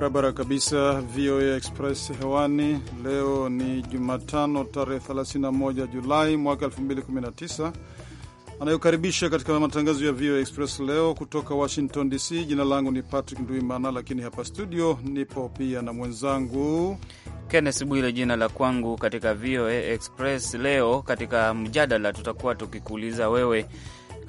Barabara kabisa. VOA Express hewani leo ni Jumatano tarehe 31 Julai mwaka 2019 anayokaribisha katika matangazo ya VOA Express leo kutoka Washington DC. Jina langu ni Patrick Ndwimana, lakini hapa studio nipo pia na mwenzangu Kennes bwile jina la kwangu katika VOA Express leo. Katika mjadala tutakuwa tukikuuliza wewe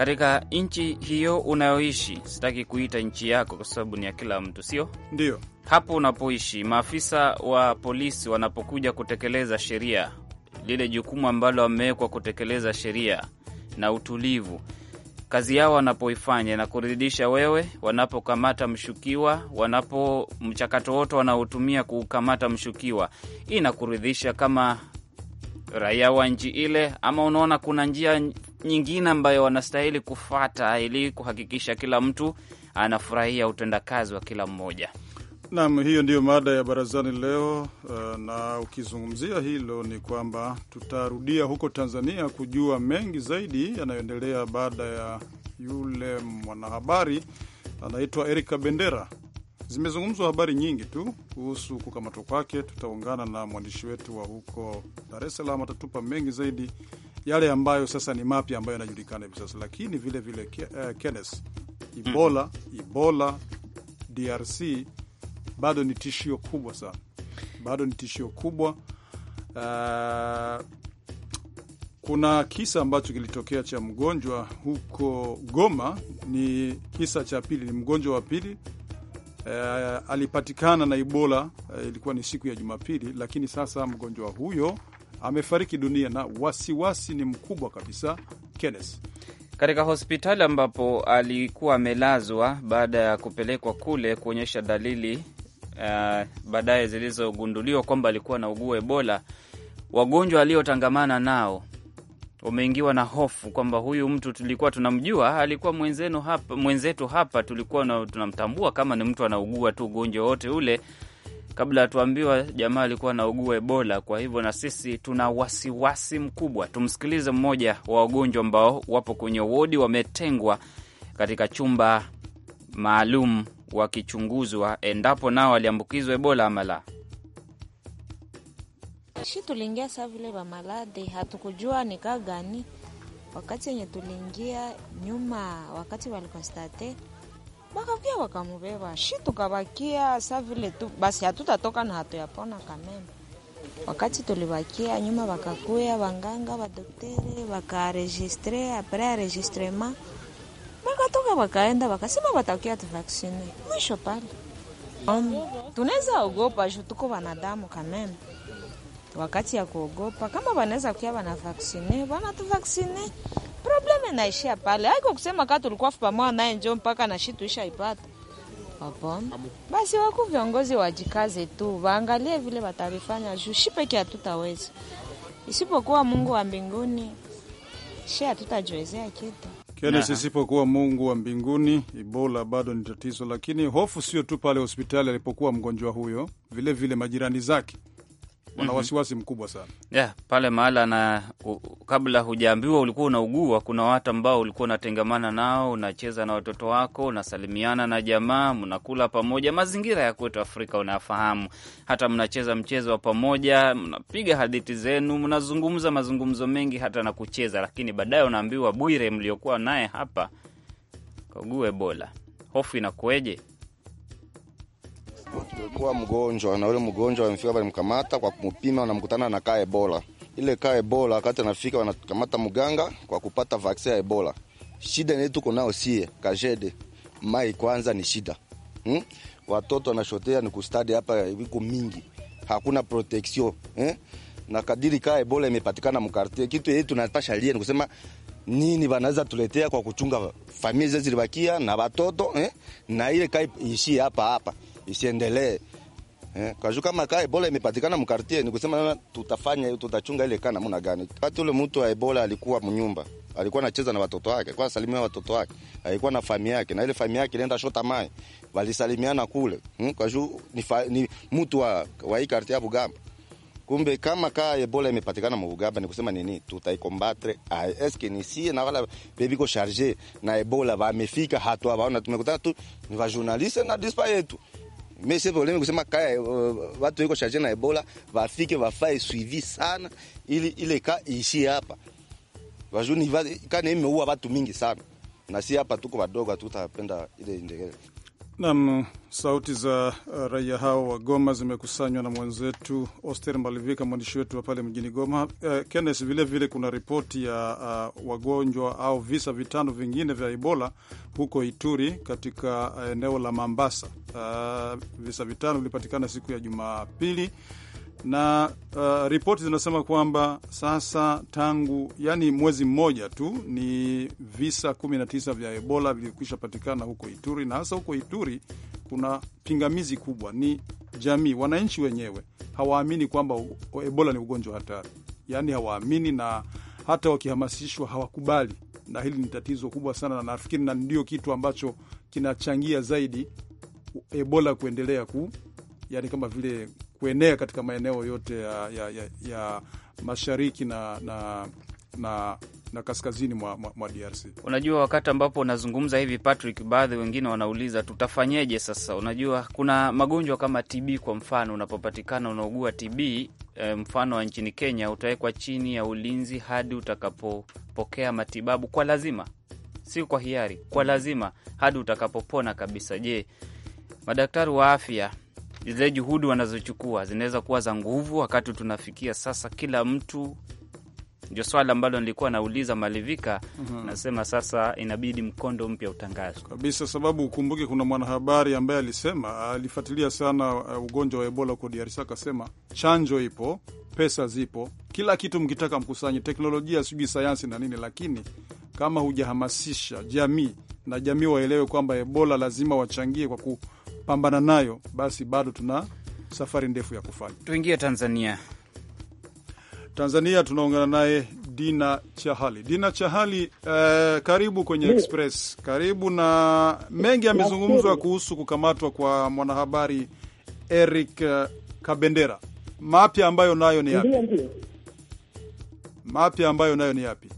katika nchi hiyo unayoishi. Sitaki kuita nchi yako kwa sababu ni ya kila mtu, sio ndio? Hapo unapoishi, maafisa wa polisi wanapokuja kutekeleza sheria, lile jukumu ambalo wamewekwa kutekeleza sheria na utulivu kazi yao wanapoifanya na kuridhisha wewe, wanapokamata mshukiwa, wanapo mchakato wote wanaotumia kukamata mshukiwa, inakuridhisha kama raia wa nchi ile, ama unaona kuna njia nyingine ambayo wanastahili kufata ili kuhakikisha kila mtu anafurahia utendakazi wa kila mmoja. Naam, hiyo ndiyo mada ya barazani leo, uh, na ukizungumzia hilo ni kwamba tutarudia huko Tanzania kujua mengi zaidi yanayoendelea baada ya yule mwanahabari anaitwa Erika Bendera. Zimezungumzwa habari nyingi tu kuhusu kukamatwa kwake. Tutaungana na mwandishi wetu wa huko Dar es Salaam, atatupa mengi zaidi yale ambayo sasa ni mapya ambayo yanajulikana hivi sasa, lakini vilevile vile uh, Kenneth, Ebola, mm. Ebola DRC bado ni tishio kubwa sana, bado ni tishio kubwa uh, kuna kisa ambacho kilitokea cha mgonjwa huko Goma, ni kisa cha pili, ni mgonjwa wa pili uh, alipatikana na Ebola uh, ilikuwa ni siku ya Jumapili, lakini sasa mgonjwa huyo amefariki dunia na wasiwasi wasi ni mkubwa kabisa. Kenneth katika hospitali ambapo alikuwa amelazwa baada ya kupelekwa kule kuonyesha dalili uh, baadaye zilizogunduliwa kwamba alikuwa anaugua Ebola. Wagonjwa aliotangamana nao wameingiwa na hofu kwamba huyu mtu tulikuwa tunamjua, alikuwa mwenzenu hapa, mwenzetu hapa tulikuwa tunamtambua kama ni mtu anaugua tu ugonjwa wote ule kabla tuambiwa jamaa alikuwa anaugua Ebola. Kwa hivyo na sisi tuna wasiwasi mkubwa. Tumsikilize mmoja wa wagonjwa ambao wapo kwenye wodi, wametengwa katika chumba maalum wakichunguzwa endapo nao waliambukizwa Ebola ama la. Shi tuliingia saa vile vamalade, hatukujua kaa gani. Wakati yenye tuliingia nyuma, wakati walikostate bakavya wakamubeba shi, tukabakia sa vile tu basi, hatutatoka na hatuyapona kameme. Wakati tulibakia nyuma, wakakuya banganga badokteri, bakaregistre apres enregistrement wakatoka wakaenda bakasema batakia tuvaksine mwisho pale. Um, tunaweza ogopa ju tuko wanadamu kameme, wakati ya kuogopa kama wanaweza kuya wanavaksine wanatuvaksine problem naishia pale, haiko kusema kaa tulikuwa pamoja naye njo mpaka isha ipata. Hapana, basi waku viongozi wajikaze tu, waangalie vile watarifanya juu shi peke hatutaweza, isipokuwa Mungu wa mbinguni shi hatutajiwezea kitu kene sisipokuwa Mungu wa mbinguni. Ebola bado ni tatizo, lakini hofu sio tu pale hospitali alipokuwa mgonjwa huyo, vilevile vile majirani zake wana mhm. wasiwasi mkubwa sana yeah, pale mahala na u, kabla hujaambiwa ulikuwa unaugua, kuna watu ambao ulikuwa unatengamana nao, unacheza na watoto wako, unasalimiana na jamaa, mnakula pamoja. Mazingira ya kwetu Afrika unayafahamu, hata mnacheza mchezo wa pamoja, mnapiga hadithi zenu, mnazungumza mazungumzo mengi hata na kucheza, lakini baadaye unaambiwa, Bwire mliokuwa naye hapa kaugua Ebola. Hofu inakueje? Tulikuwa mgonjwa na ule mgonjwa wamefika walimkamata kwa kumpima, wanamkutana na kaa Ebola. Ile kaa Ebola, wakati anafika wanakamata mganga kwa kupata vaksi ya Ebola. Shida ni tuko nao sie kajede mai, kwanza ni shida hmm? Watoto wanashotea ni kustadi hapa, wiko mingi, hakuna protection hmm? na kadiri kaa Ebola imepatikana mkartie, kitu yetu tunatasha lia ni kusema nini wanaweza tuletea kwa kuchunga familia zilibakia na watoto eh? na ile kaa ishi hapa hapa isiendelee eh, kaju kama ka Ebola imepatikana mkartie, ni kusema nana tutafanya tutachunga ile kana muna gani. Wakati ule mtu wa Ebola alikuwa mnyumba, alikuwa anacheza na watoto wake, kwa salimia watoto wake, alikuwa na fami yake, na ile fami yake ilienda shota mai, walisalimiana kule hmm, kaju ni, fa, ni mtu wa wa hii kartie ya Bugamba. Kumbe kama ka Ebola imepatikana mu Bugamba, ni kusema nini? Tutaikombatre eske ni sie na wala bebiko charge na Ebola, wamefika hatua waona, tumekutana tu ni wa journaliste na dispa yetu Mais c'est problème kusema kaya uh, watu wiko charge na Ebola vafike vafae suivi sana ili ile ka ishi hapa. Wajuni kana imeua watu mingi sana. Na si hapa tuko wadogo tutapenda ile ndege. Nam, sauti za uh, raia hao wa Goma zimekusanywa na mwenzetu Oster Malivika, mwandishi wetu wa pale mjini Goma. Uh, Kennes, vilevile kuna ripoti ya uh, wagonjwa au visa vitano vingine vya Ebola huko Ituri, katika uh, eneo la Mambasa. Uh, visa vitano vilipatikana siku ya Jumapili na uh, ripoti zinasema kwamba sasa tangu yani mwezi mmoja tu ni visa 19 vya Ebola vilivyokwisha patikana huko Ituri, na hasa huko Ituri kuna pingamizi kubwa, ni jamii, wananchi wenyewe hawaamini kwamba Ebola ni ugonjwa hatari, yani hawaamini, na hata wakihamasishwa hawakubali, na hili ni tatizo kubwa sana, na nafikiri na ndio kitu ambacho kinachangia zaidi Ebola kuendelea ku yani kama vile kuenea katika maeneo yote ya, ya, ya, ya mashariki na, na, na na kaskazini mwa, mwa, mwa DRC. Unajua, wakati ambapo unazungumza hivi Patrick, baadhi wengine wanauliza tutafanyeje sasa? Unajua, kuna magonjwa kama TB kwa mfano, unapopatikana unaugua TB e, eh, mfano wa nchini Kenya, utawekwa chini ya ulinzi hadi utakapopokea matibabu kwa lazima, sio kwa hiari, kwa lazima hadi utakapopona kabisa. Je, madaktari wa afya zile juhudi wanazochukua zinaweza kuwa za nguvu, wakati tunafikia sasa kila mtu ndio swala ambalo nilikuwa nauliza Malivika. Uhum, Nasema sasa inabidi mkondo mpya utangazwe kabisa, sababu ukumbuke, kuna mwanahabari ambaye alisema alifuatilia sana uh, ugonjwa wa Ebola huko DRC, akasema chanjo ipo, pesa zipo, kila kitu mkitaka mkusanye, teknolojia, sijui sayansi na nini, lakini kama hujahamasisha jamii na jamii waelewe kwamba Ebola lazima wachangie kwa ku pambana nayo, basi bado tuna safari ndefu ya kufanya. Tuingie Tanzania. Tanzania tunaungana naye Dina Chahali. Dina Chahali, uh, karibu kwenye Express, karibu na mengi yamezungumzwa kuhusu kukamatwa kwa mwanahabari Eric eh, Kabendera. Mapya ambayo nayo ni yapi? Mapya ambayo nayo ni yapi?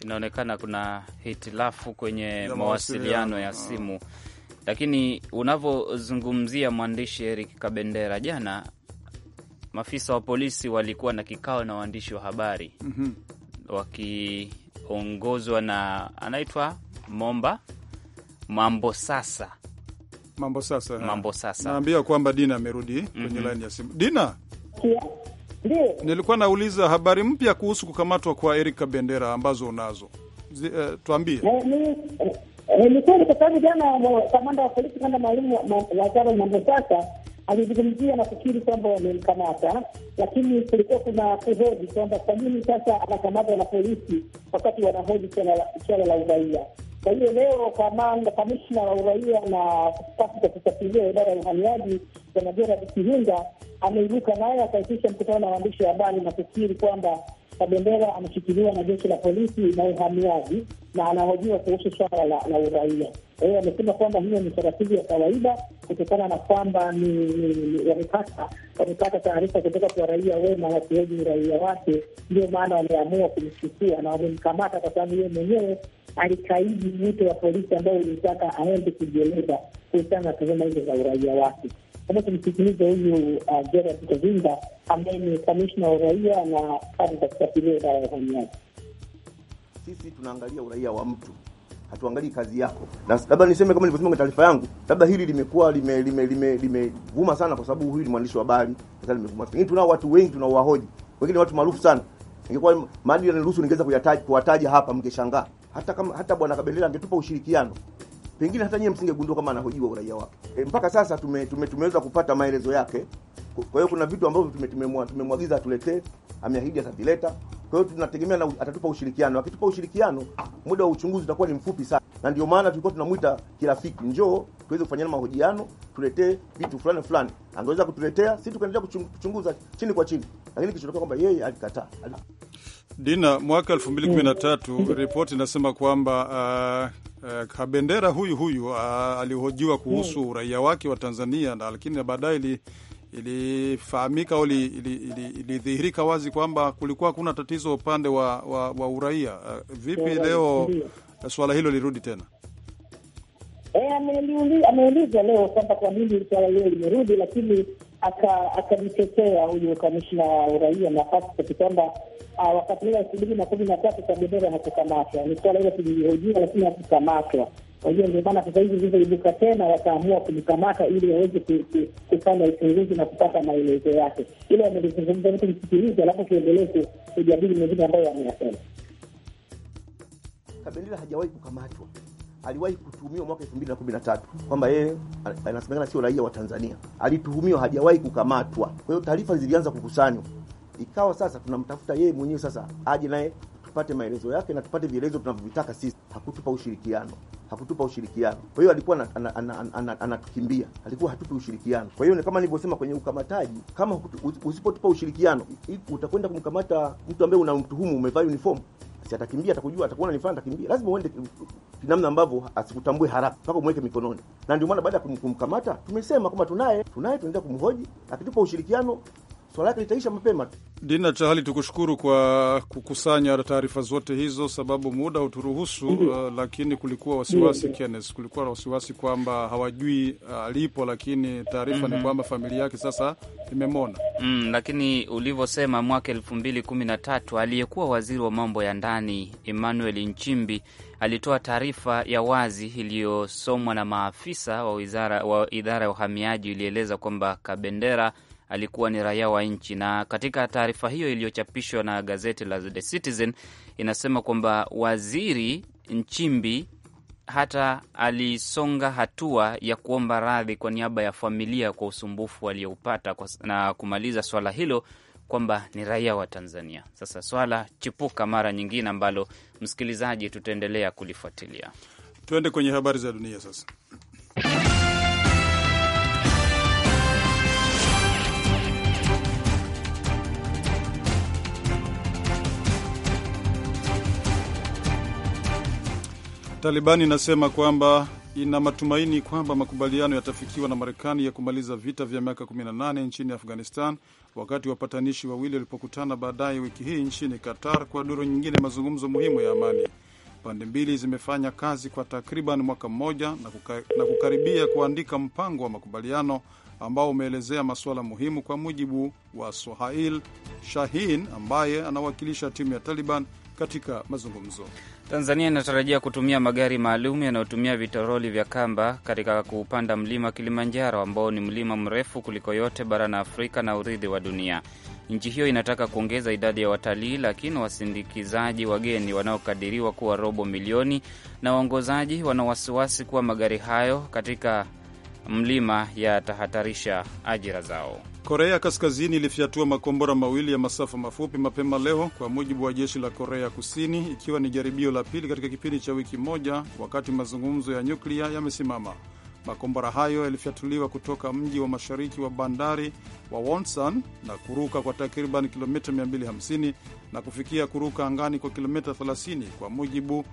inaonekana kuna hitilafu kwenye mawasiliano ya ah. simu, lakini unavyozungumzia mwandishi Eric Kabendera, jana maafisa wa polisi walikuwa na kikao na waandishi wa habari mm -hmm. wakiongozwa na anaitwa Momba Mambo sasa Mambo sasa, naambia kwamba Dina amerudi mm -hmm. kwenye mhm. laini ya simu. Dina, yeah. Ndiyo. Nilikuwa nauliza habari mpya kuhusu kukamatwa kwa erika bendera ambazo unazo. Uh, tuambie. Eh, Nilikuwa eh, kwa sababu jana kamanda wa polisi kanda maalum wa Chama mambo sasa alizungumzia na kukiri kwamba wamemkamata, lakini kulikuwa kuna kuhoji kwamba kwa nini sasa anakamata na polisi wakati wanahoji suala la uraia. Kwa hiyo leo kamanda kamishna wa uraia na kikafu cha kusafiria idara ya uhamiaji bwana Gerard Kihinda ameibuka naye akaitisha mkutano na waandishi wa habari na kukiri kwamba Kabendera ameshikiliwa na jeshi la polisi na uhamiaji na anahojiwa kuhusu swala la uraia. Kwa hiyo wamesema kwamba hiyo ni taratibu ya kawaida, kutokana na kwamba wamepata taarifa kutoka kwa raia wema wakihoji uraia wake, ndio maana wameamua kumchukua na wamemkamata, kwa sababu yeye mwenyewe alikaidi mwito wa polisi ambao ulitaka aende kujieleza kuhusiana na tuhuma hizo za uraia wake. Kama tumsikiliza huyu uh, Gerard Kovinga ambaye ni kamishna wa uraia na kazi za kusafiria idara ya uhamiaji. Sisi tunaangalia uraia wa mtu hatuangalii kazi yako. Na labda niseme kama nilivyosema kwenye taarifa yangu, labda hili limekuwa limevuma lime, lime, lime, sana kwa sababu huyu ni mwandishi wa habari, sasa limevuma. Pengine tunao watu wengi tunaowahoji. Wengine watu maarufu sana. Ingekuwa maadili yaniruhusu ningeweza kuyataja kuwataja hapa mngeshangaa. Hata kama hata bwana Kabendera angetupa ushirikiano. Pengine hata nyinyi msingegundua kama anahojiwa uraia wake. E, mpaka sasa tume, tume, tumeweza kupata maelezo yake. Kwa hiyo kuna vitu ambavyo tumemwagiza tume, tume, tume, tume, atuletee, ameahidi atavileta. Kwa hiyo tunategemea atatupa ushirikiano. Akitupa ushirikiano, muda wa uchunguzi utakuwa ni mfupi sana, na ndio maana tulikuwa tunamwita kirafiki, njoo tuweze kufanyana mahojiano, tuletee vitu fulani fulani. Angeweza kutuletea sisi, tukaendelea kuchunguza chini kwa chini, lakini kilichotokea kwamba yeye alikataa. Dina, mwaka elfu mbili kumi na tatu ripoti inasema kwamba uh, uh, Kabendera huyu huyu uh, alihojiwa kuhusu hmm. uraia wake wa Tanzania, na lakini baadaye ilifahamika au ilidhihirika wazi kwamba kulikuwa kuna tatizo upande wa, wa, wa uraia. Eh, vipi leo swala hilo lirudi tena? Eh, Ameuliza leo kwamba kwa nini swala hilo limerudi, lakini akajitetea huyu kamishna wa uraia nafasi kwamba ah, wakati ule elfu mbili na kumi na tatu bendera hakukamatwa. Ni swala hilo tulihojia, lakini hakukamatwa kwa hiyo ndio maana sasa hivi ilivyoibuka tena, wakaamua kumkamata ili waweze kufanya uchunguzi na kupata maelezo yake. Ile wamelizungumza vitu msikilizi, alafu tuendelee kujadili mengine ambayo wameyasema. Kabendera hajawahi kukamatwa, aliwahi kutuhumiwa mwaka tatu kwamba yeye anasemekana sio raia wa Tanzania. Alituhumiwa, hajawahi kukamatwa. Kwa hiyo taarifa zilianza kukusanywa, ikawa sasa tunamtafuta yeye mwenyewe, sasa aje naye tupate maelezo yake na tupate vielezo tunavyovitaka sisi. Hakutupa ushirikiano hakutupa ushirikiano, kwa hiyo alikuwa anatukimbia ana, ana, ana, ana alikuwa hatupi ushirikiano. Kwa hiyo kama nilivyosema kwenye ukamataji, kama usipotupa ushirikiano, utakwenda kumkamata mtu ambaye unamtuhumu umevaa uniform atakimbia atakujua, atakuona ni fulani, atakimbia. Lazima uende namna ambavyo asikutambue haraka, mpaka umweke mikononi. Na ndio maana baada ya kumkamata tumesema kwamba tunaye, tunaye, tunaenda kumhoji. Akitupa ushirikiano, swala lake litaisha mapema tu. Dina Chahali, tukushukuru kwa kukusanya taarifa zote hizo, sababu muda huturuhusu. Mm-hmm. Uh, lakini kulikuwa wasiwasi mm-hmm. Kenneth, kulikuwa na wasiwasi kwamba hawajui uh, alipo, uh, lakini taarifa mm -hmm. ni mm-hmm. kwamba familia yake sasa imemwona mm, lakini ulivyosema mwaka elfu mbili kumi na tatu aliyekuwa waziri wa mambo ya ndani Emmanuel Nchimbi alitoa taarifa ya wazi iliyosomwa na maafisa wa, wizara, wa idara ya uhamiaji ilieleza kwamba Kabendera alikuwa ni raia wa nchi. Na katika taarifa hiyo iliyochapishwa na gazeti la The Citizen inasema kwamba waziri Nchimbi hata alisonga hatua ya kuomba radhi kwa niaba ya familia kwa usumbufu aliyoupata na kumaliza swala hilo kwamba ni raia wa Tanzania. Sasa swala chipuka mara nyingine ambalo msikilizaji, tutaendelea kulifuatilia. Tuende kwenye habari za dunia sasa. Talibani inasema kwamba ina matumaini kwamba makubaliano yatafikiwa na Marekani ya kumaliza vita vya miaka 18 nchini Afghanistan, wakati wapatanishi wawili walipokutana baadaye wiki hii nchini Qatar kwa duru nyingine mazungumzo muhimu ya amani. Pande mbili zimefanya kazi kwa takriban mwaka mmoja na, kuka, na kukaribia kuandika mpango wa makubaliano ambao umeelezea masuala muhimu, kwa mujibu wa Sohail Shahin ambaye anawakilisha timu ya Taliban katika mazungumzo. Tanzania inatarajia kutumia magari maalum yanayotumia vitoroli vya kamba katika kuupanda mlima Kilimanjaro ambao ni mlima mrefu kuliko yote barani Afrika na urithi wa dunia. Nchi hiyo inataka kuongeza idadi ya watalii, lakini wasindikizaji wageni wanaokadiriwa kuwa robo milioni na waongozaji wana wasiwasi kuwa magari hayo katika mlima yatahatarisha ajira zao. Korea Kaskazini ilifyatua makombora mawili ya masafa mafupi mapema leo kwa mujibu wa jeshi la Korea Kusini, ikiwa ni jaribio la pili katika kipindi cha wiki moja, wakati mazungumzo ya nyuklia yamesimama. Makombora hayo yalifyatuliwa kutoka mji wa mashariki wa bandari wa Wonsan na kuruka kwa takriban kilomita 250 na kufikia kuruka angani kwa kilomita 30 kwa mujibu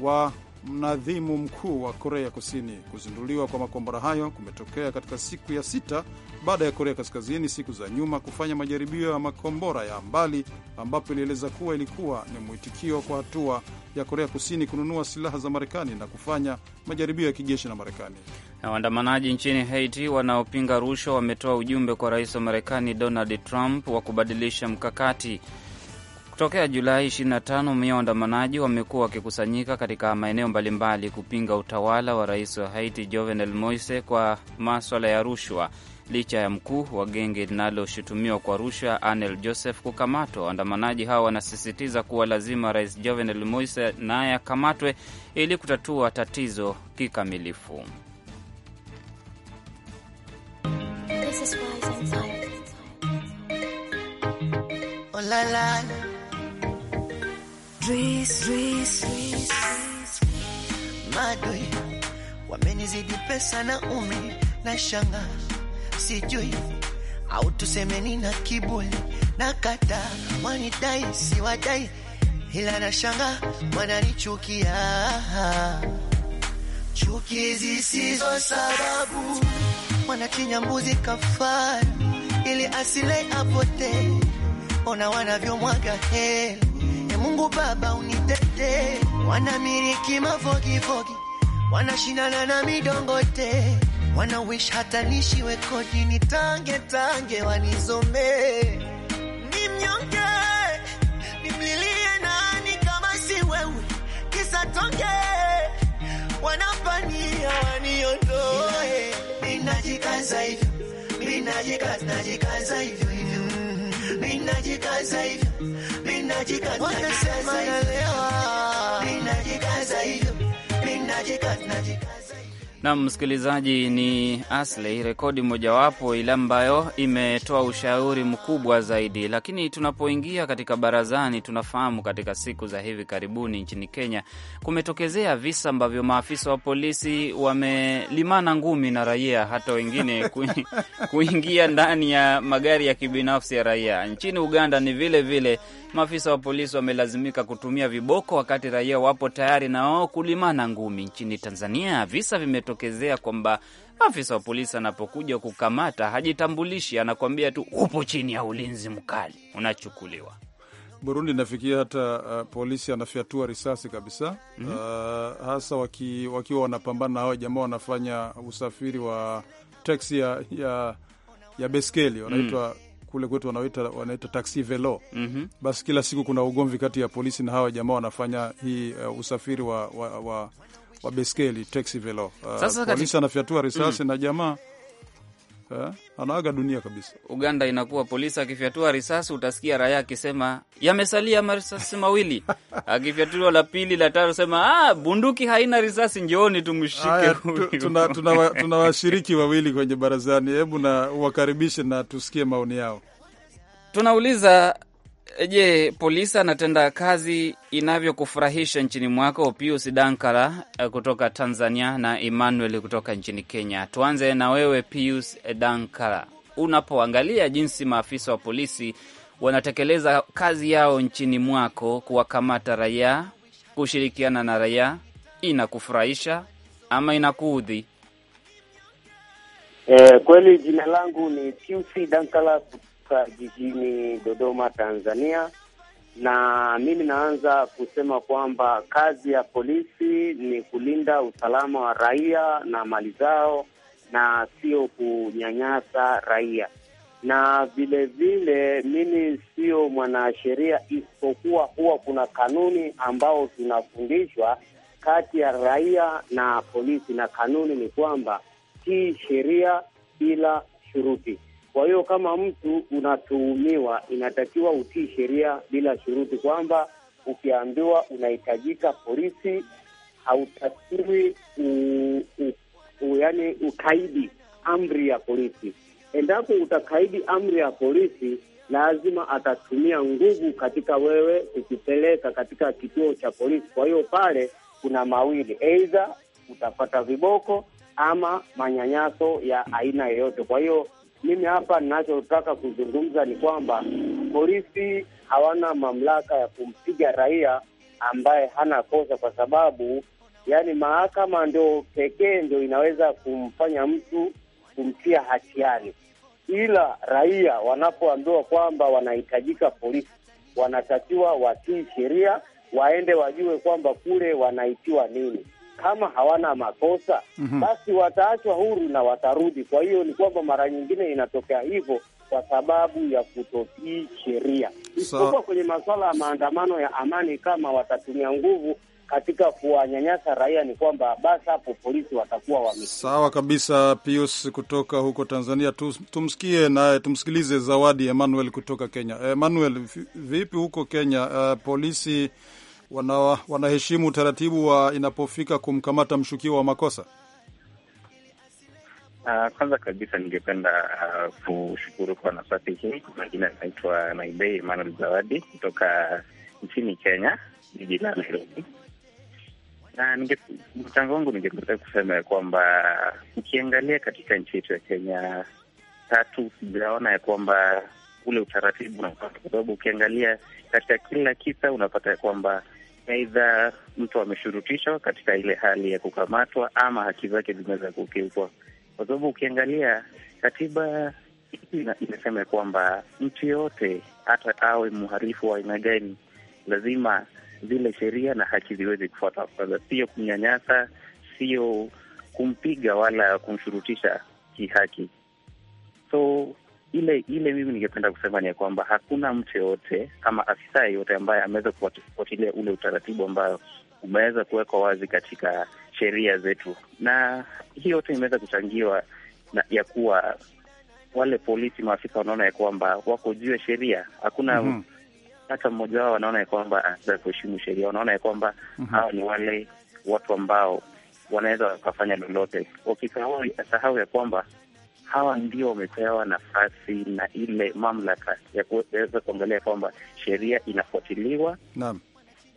wa mnadhimu mkuu wa Korea Kusini. Kuzinduliwa kwa makombora hayo kumetokea katika siku ya sita baada ya Korea Kaskazini siku za nyuma kufanya majaribio ya makombora ya mbali, ambapo ilieleza kuwa ilikuwa ni mwitikio kwa hatua ya Korea Kusini kununua silaha za Marekani na kufanya majaribio ya kijeshi na Marekani. Na waandamanaji nchini Haiti wanaopinga rushwa wametoa ujumbe kwa rais wa Marekani Donald Trump wa kubadilisha mkakati Tokea Julai 25 mia waandamanaji wamekuwa wakikusanyika katika maeneo mbalimbali kupinga utawala wa rais wa Haiti Jovenel Moise kwa maswala ya rushwa, licha ya mkuu wa genge linaloshutumiwa kwa rushwa Anel Joseph kukamatwa. Waandamanaji hawa wanasisitiza kuwa lazima rais Jovenel Moise naye akamatwe ili kutatua tatizo kikamilifu. This is Madoi wamenizidi pesa na umi na shanga, sijui au tusemeni na kiburi na kata wanidai si wadai ila na shanga wananichukia, chuki zisizo sababu, wanachinya mbuzi kafara ili asile apote, ona wanavyomwaga hela Mungu Baba unitete, wanamiliki mafogifogi, wanashindana na midongote, wana wish hata nishiwe kodi, ni tange tange ni mnyonge, nimlilie nani kama si wewe, kisa tonge wanapania waniondoe, ninajikaza hivyo, ninajikaza, hivyo Wanasema nalewa Nam msikilizaji, ni Asley, rekodi mojawapo ile ambayo imetoa ushauri mkubwa zaidi. Lakini tunapoingia katika barazani, tunafahamu katika siku za hivi karibuni nchini Kenya kumetokezea visa ambavyo maafisa wa polisi wamelimana ngumi na raia, hata wengine kuingia ndani ya magari ya kibinafsi ya raia. Nchini Uganda ni vile vile maafisa wa polisi wamelazimika kutumia viboko wakati raia wapo tayari na wao kulimana ngumi. Nchini Tanzania visa vime kutokezea kwamba afisa wa polisi anapokuja kukamata hajitambulishi, anakuambia tu upo chini ya ulinzi mkali, unachukuliwa. Burundi inafikia hata uh, polisi anafyatua risasi kabisa. mm -hmm. Uh, hasa wakiwa waki wanapambana na hawa jamaa wanafanya usafiri wa teksi ya, ya, ya beskeli wanaitwa mm -hmm. kule kwetu wanaita, wanaita taksi velo. mm -hmm. Basi kila siku kuna ugomvi kati ya polisi na hawa jamaa wanafanya hii uh, usafiri wa, wa, wa wa beskeli velo Uh, polisi anafyatua risasi mm. na jamaa eh, anaaga dunia kabisa. Uganda inakuwa polisi akifyatua risasi utasikia raia akisema yamesalia marisasi mawili akifyatua la pili la tatu sema ah, bunduki haina risasi, njooni tumshike. Tunawashiriki tuna, tuna, wawili kwenye barazani, hebu na uwakaribishe na tusikie maoni yao. Tunauliza Je, polisi anatenda kazi inavyokufurahisha nchini mwako? Pius Dankala eh, kutoka Tanzania na Emmanuel kutoka nchini Kenya. Tuanze na wewe Pius Dankala, unapoangalia jinsi maafisa wa polisi wanatekeleza kazi yao nchini mwako, kuwakamata raia, kushirikiana na raia, inakufurahisha ama inakuudhi? Eh, kweli jina langu ni Pius Dankala kutoka jijini Dodoma, Tanzania. Na mimi naanza kusema kwamba kazi ya polisi ni kulinda usalama wa raia na mali zao na sio kunyanyasa raia. Na vilevile mimi sio mwanasheria, isipokuwa huwa kuna kanuni ambao tunafundishwa kati ya raia na polisi, na kanuni ni kwamba si sheria bila shuruti. Kwa hiyo kama mtu unatuhumiwa, inatakiwa utii sheria bila shuruti, kwamba ukiambiwa unahitajika polisi, hautakiwi yaani ukaidi amri ya polisi. Endapo utakaidi amri ya polisi, lazima atatumia nguvu katika wewe kukipeleka katika kituo cha polisi. Kwa hiyo pale kuna mawili, aidha utapata viboko ama manyanyaso ya aina yoyote. Kwa hiyo mimi hapa ninachotaka kuzungumza ni kwamba polisi hawana mamlaka ya kumpiga raia ambaye hana kosa, kwa sababu yani mahakama ndo pekee ndo inaweza kumfanya mtu kumtia hatiani, ila raia wanapoambiwa kwamba wanahitajika polisi, wanatakiwa watii sheria, waende wajue kwamba kule wanaitiwa nini kama hawana makosa mm -hmm. basi wataachwa huru na watarudi. Kwa hiyo ni kwamba mara nyingine inatokea hivyo kwa sababu ya kutotii sheria, isipokuwa so, kwenye masuala ya maandamano ya amani, kama watatumia nguvu katika kuwanyanyasa raia ni kwamba basi hapo polisi watakuwa wame. Sawa kabisa. Pius kutoka huko Tanzania, tumsikie naye, tumsikilize Zawadi Emmanuel kutoka Kenya. Emmanuel, vipi huko Kenya? Uh, polisi wana, wanaheshimu utaratibu wa inapofika kumkamata mshukiwa wa makosa? Uh, kwanza kabisa ningependa uh, kushukuru kwa nafasi hii. Majina anaitwa Naibei Emanuel Zawadi kutoka nchini Kenya, jiji la Nairobi. Mchango wangu ningependa kusema ya kwamba ukiangalia katika nchi yetu ya Kenya tatu, sijaona ya kwamba ule utaratibu unapata, kwa sababu ukiangalia katika kila kisa unapata ya kwamba Aidha, mtu ameshurutishwa katika ile hali ya kukamatwa ama haki zake zimeweza kukiukwa, kwa sababu ukiangalia katiba inasema kwamba mtu yoyote hata awe mharifu wa aina gani, lazima zile sheria na haki ziweze kufuata kwanza, sio kumnyanyasa, sio kumpiga wala kumshurutisha kihaki. So ile ile mimi ningependa kusema ni ya kwamba hakuna mtu yoyote ama afisa yeyote ambaye ameweza kufuatilia ule utaratibu ambayo umeweza kuwekwa wazi katika sheria zetu, na hii yote imeweza kuchangiwa na ya kuwa wale polisi maafisa wanaona ya kwamba wako juu ya sheria. Hakuna mm -hmm. hata mmoja wao wanaona ya kwamba anaweza kuheshimu sheria, wanaona ya kwamba mm -hmm. hawa ni wale watu ambao wanaweza wakafanya lolote, wakisahau ya kwamba hawa ndio wamepewa nafasi na ile mamlaka ya kuweza kuangalia kwamba sheria inafuatiliwa naam,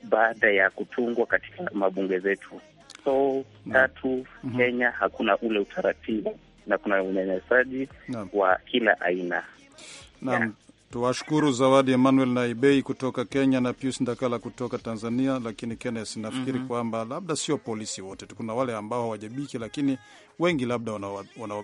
baada ya kutungwa katika mabunge zetu. So tatu mm -hmm. Kenya hakuna ule utaratibu na kuna unyanyasaji wa kila aina naam. Tuwashukuru Zawadi Emmanuel na Ibei kutoka Kenya na Pius Ndakala kutoka Tanzania. Lakini Kenneth, nafikiri mm -hmm. kwamba labda sio polisi wote, kuna wale ambao hawajibiki, lakini wengi labda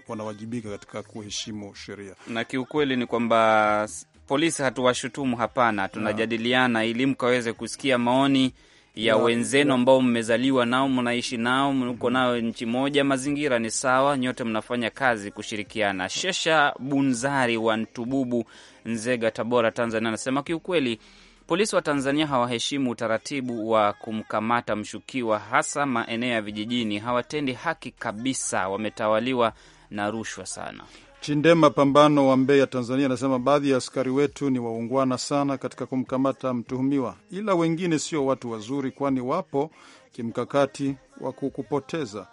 wanawajibika katika kuheshimu sheria, na kiukweli ni kwamba polisi hatuwashutumu, hapana, tunajadiliana ili mkaweze kusikia maoni ya na, wenzenu ambao mmezaliwa nao mnaishi nao mko mhm. nao nchi moja, mazingira ni sawa, nyote mnafanya kazi kushirikiana. Shesha Bunzari wa Ntububu Nzega, Tabora, Tanzania, anasema kiukweli polisi wa Tanzania hawaheshimu utaratibu wa kumkamata mshukiwa, hasa maeneo ya vijijini. Hawatendi haki kabisa, wametawaliwa na rushwa sana. Chindema Pambano wa Mbeya, Tanzania, anasema baadhi ya askari wetu ni waungwana sana katika kumkamata mtuhumiwa, ila wengine sio watu wazuri, kwani wapo kimkakati wa kukupoteza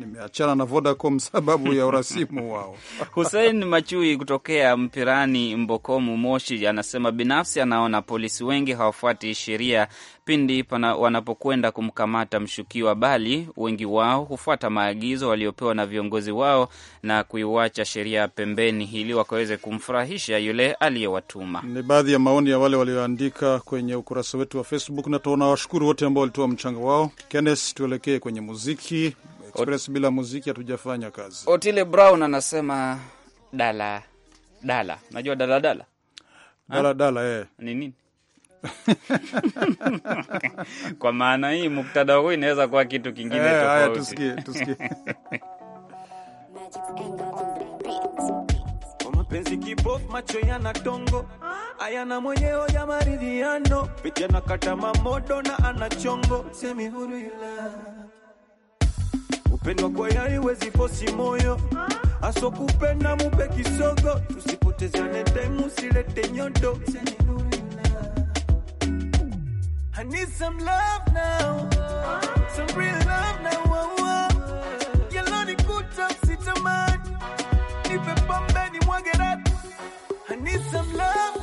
nimeachana na Vodacom sababu ya urasimu wao. Hussein Machui kutokea Mpirani, Mbokomu, Moshi, anasema binafsi anaona polisi wengi hawafuati sheria pindi wanapokwenda kumkamata mshukiwa, bali wengi wao hufuata maagizo waliopewa na viongozi wao na kuiwacha sheria pembeni ili wakaweze kumfurahisha yule aliyewatuma. Ni baadhi ya maoni ya wale walioandika kwenye ukurasa wetu wa Facebook na tunawashukuru wote ambao walitoa mchango wao. Kenneth, tuelekee kwenye muziki. Express Ot bila muziki hatujafanya kazi. Otile Brown anasema dala dala, najua dala dala dala dala eh, ni nini? Kwa maana hii muktada huu inaweza kuwa kitu kingine eh, tofauti. Tusikie, tusikie mapenzi kibofu, macho yana tongo ayana mwenyewe ya maridhiano, pitia kata mamodo na anachongo semi huru ila Kupendwa kwa yai wezi fosi moyo aso kupenda mupe kisogo, tusipotezane taimu silete nyodo. I need some love now. Some real love now. some love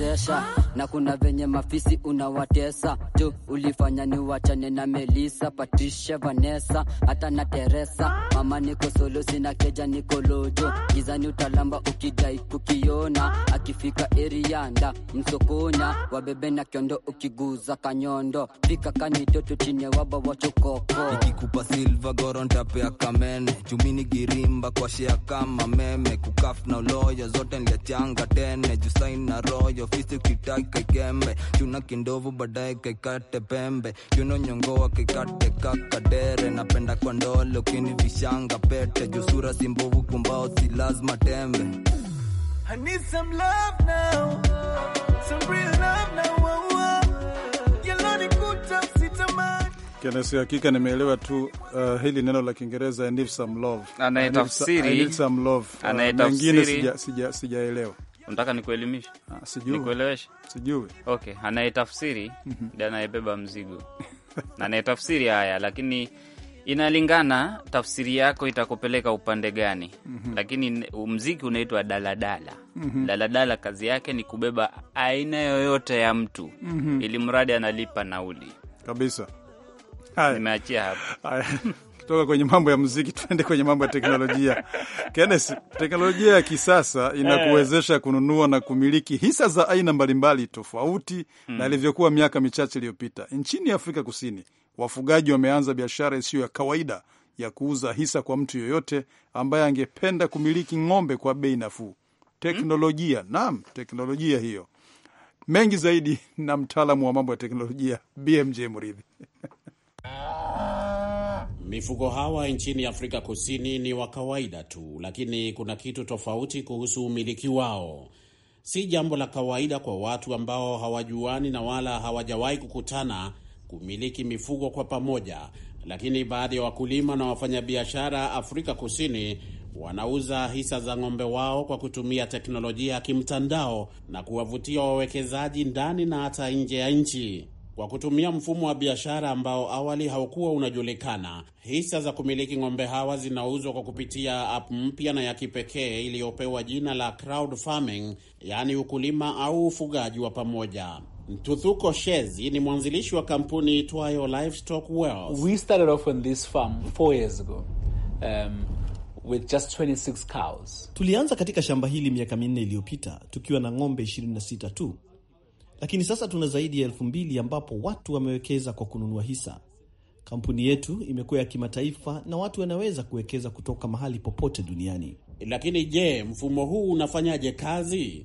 kuwezesha na kuna venye mafisi unawatesa tu, ulifanya ni wachane na Melissa, Patricia, Vanessa hata na Teresa Mama niko solo, sina keja, niko lojo gizani, utalamba ukidai kukiona. Akifika erianda msokonya, wabebe na kiondo, ukiguza kanyondo, fika kanitoto chini ya waba wachokoko, ikikupa silva gorontapea kamene jumini girimba kwashea kama meme kukaf na uloyo zote nliachanga tene jusain na royo fisi kitake kembe chuna kindovu baadaye kaikate pembe chuno nyongoa kaikate kakadere napenda kwa ndolo vishi shanga pete juu sura si mbovu kumbao si lazima tembe Kenesi, hakika nimeelewa tu uh, hili neno la Kiingereza I need some love, anayetafsiri I need some love, anayetafsiri uh, sija sija sijaelewa. Unataka nikuelimishe? Ah, sijui nikueleweshe, sijui. Okay, anayetafsiri mhm. ndiye anayebeba mzigo na anayetafsiri haya, lakini inalingana tafsiri yako itakupeleka upande gani. mm -hmm. Lakini mziki unaitwa daladala. mm -hmm. Daladala kazi yake ni kubeba aina yoyote ya mtu mm -hmm. ili mradi analipa nauli kabisa. Nimeachia hapo kutoka kwenye mambo ya mziki tuende kwenye mambo ya teknolojia. Kenes, teknolojia ya kisasa inakuwezesha eh. kununua na kumiliki hisa za aina mbalimbali tofauti mm. na ilivyokuwa miaka michache iliyopita nchini Afrika Kusini wafugaji wameanza biashara isiyo ya kawaida ya kuuza hisa kwa mtu yoyote ambaye angependa kumiliki ng'ombe kwa bei nafuu. Teknolojia hmm. Naam, teknolojia hiyo mengi zaidi na mtaalamu wa mambo ya teknolojia BMJ Mridhi. Mifugo hawa nchini Afrika Kusini ni wa kawaida tu, lakini kuna kitu tofauti kuhusu umiliki wao. Si jambo la kawaida kwa watu ambao hawajuani na wala hawajawahi kukutana kumiliki mifugo kwa pamoja, lakini baadhi ya wakulima na wafanyabiashara Afrika Kusini wanauza hisa za ng'ombe wao kwa kutumia teknolojia ya kimtandao na kuwavutia wawekezaji ndani na hata nje ya nchi kwa kutumia mfumo wa biashara ambao awali haukuwa unajulikana. Hisa za kumiliki ng'ombe hawa zinauzwa kwa kupitia app mpya na ya kipekee iliyopewa jina la crowd farming yaani ukulima au ufugaji wa pamoja. Mtuthuko Shezi ni mwanzilishi wa kampuni itwayo Livestock World. We started off on this farm four years ago. Um, with just 26 cows. Tulianza katika shamba hili miaka minne iliyopita tukiwa na ng'ombe 26 tu, lakini sasa tuna zaidi ya elfu mbili ambapo watu wamewekeza kwa kununua hisa. Kampuni yetu imekuwa ya kimataifa na watu wanaweza kuwekeza kutoka mahali popote duniani. Lakini je, mfumo huu unafanyaje kazi?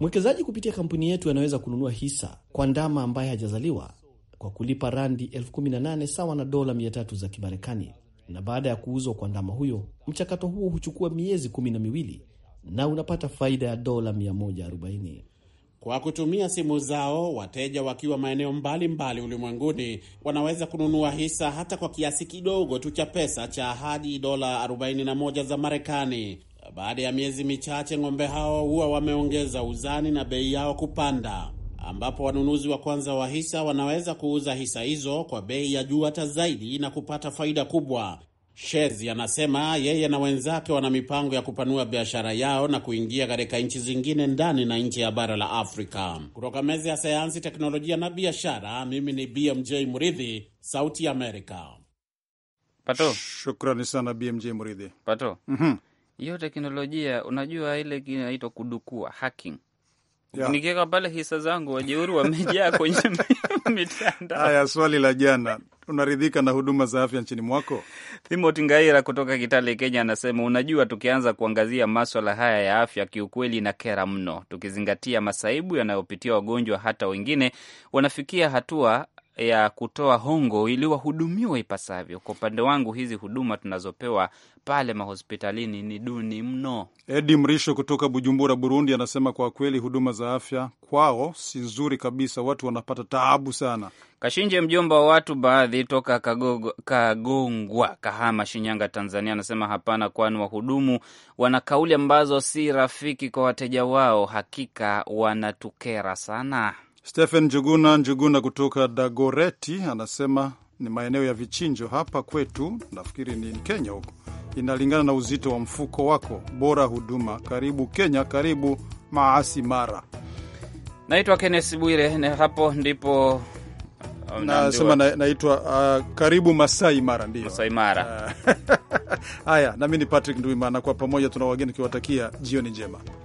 Mwekezaji kupitia kampuni yetu anaweza kununua hisa kwa ndama ambaye hajazaliwa kwa kulipa randi 18 sawa na dola 3 za Kimarekani, na baada ya kuuzwa kwa ndama huyo, mchakato huo huchukua miezi kumi na miwili na unapata faida ya dola 140. Kwa kutumia simu zao, wateja wakiwa maeneo mbalimbali ulimwenguni wanaweza kununua hisa hata kwa kiasi kidogo tu cha pesa cha hadi dola 41 za Marekani. Baada ya miezi michache, ng'ombe hao huwa wameongeza uzani na bei yao kupanda, ambapo wanunuzi wa kwanza wa hisa wanaweza kuuza hisa hizo kwa bei ya juu hata zaidi na kupata faida kubwa. Shezi anasema yeye na wenzake wana mipango ya kupanua biashara yao na kuingia katika nchi zingine ndani na nje ya bara la Afrika. Kutoka meza ya sayansi, teknolojia na biashara, mimi ni BMJ Mridhi, Sauti ya Amerika. Pato, shukrani sana BMJ Mridhi. Pato, mm hiyo teknolojia, unajua ile inaitwa kudukua, hacking Yeah. Nikiweka pale hisa zangu wajeuri wamejaa kwenye mitandao. Haya, swali la jana unaridhika na huduma za afya nchini mwako? Timothy Ngaira kutoka Kitale, Kenya, anasema unajua, tukianza kuangazia maswala haya ya afya, kiukweli na kera mno, tukizingatia masaibu yanayopitia wagonjwa, hata wengine wanafikia hatua ya kutoa hongo ili wahudumiwe ipasavyo. Kwa upande wangu, hizi huduma tunazopewa pale mahospitalini ni duni mno. Edi Mrisho kutoka Bujumbura, Burundi, anasema kwa kweli huduma za afya kwao si nzuri kabisa, watu wanapata taabu sana. Kashinje, mjomba wa watu baadhi, toka Kagogo, Kagongwa, Kahama, Shinyanga, Tanzania, anasema hapana, kwani wahudumu wana kauli ambazo si rafiki kwa wateja wao. Hakika wanatukera sana. Stephen Njuguna Njuguna kutoka Dagoreti anasema ni maeneo ya vichinjo hapa kwetu, nafikiri ni Kenya huko, inalingana na uzito wa mfuko wako. Bora huduma. Karibu Kenya, karibu maasi mara. Naitwa Kennes Bwire na hapo ndipo um, nasema naitwa na uh, karibu Masai Mara, ndio Masai Mara. Haya, nami ni Patrick Ndwimana, kwa pamoja tuna wageni kiwatakia jioni njema.